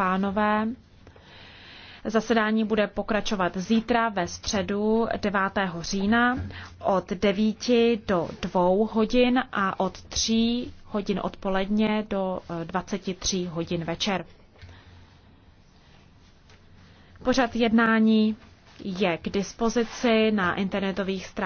pánové. Zasedání bude pokračovat zítra ve středu 9. října od 9 do 2 hodin a od 3 hodin odpoledně do 23 eh, hodin večer. Pořad jednání je k dispozici na internetových stránkách.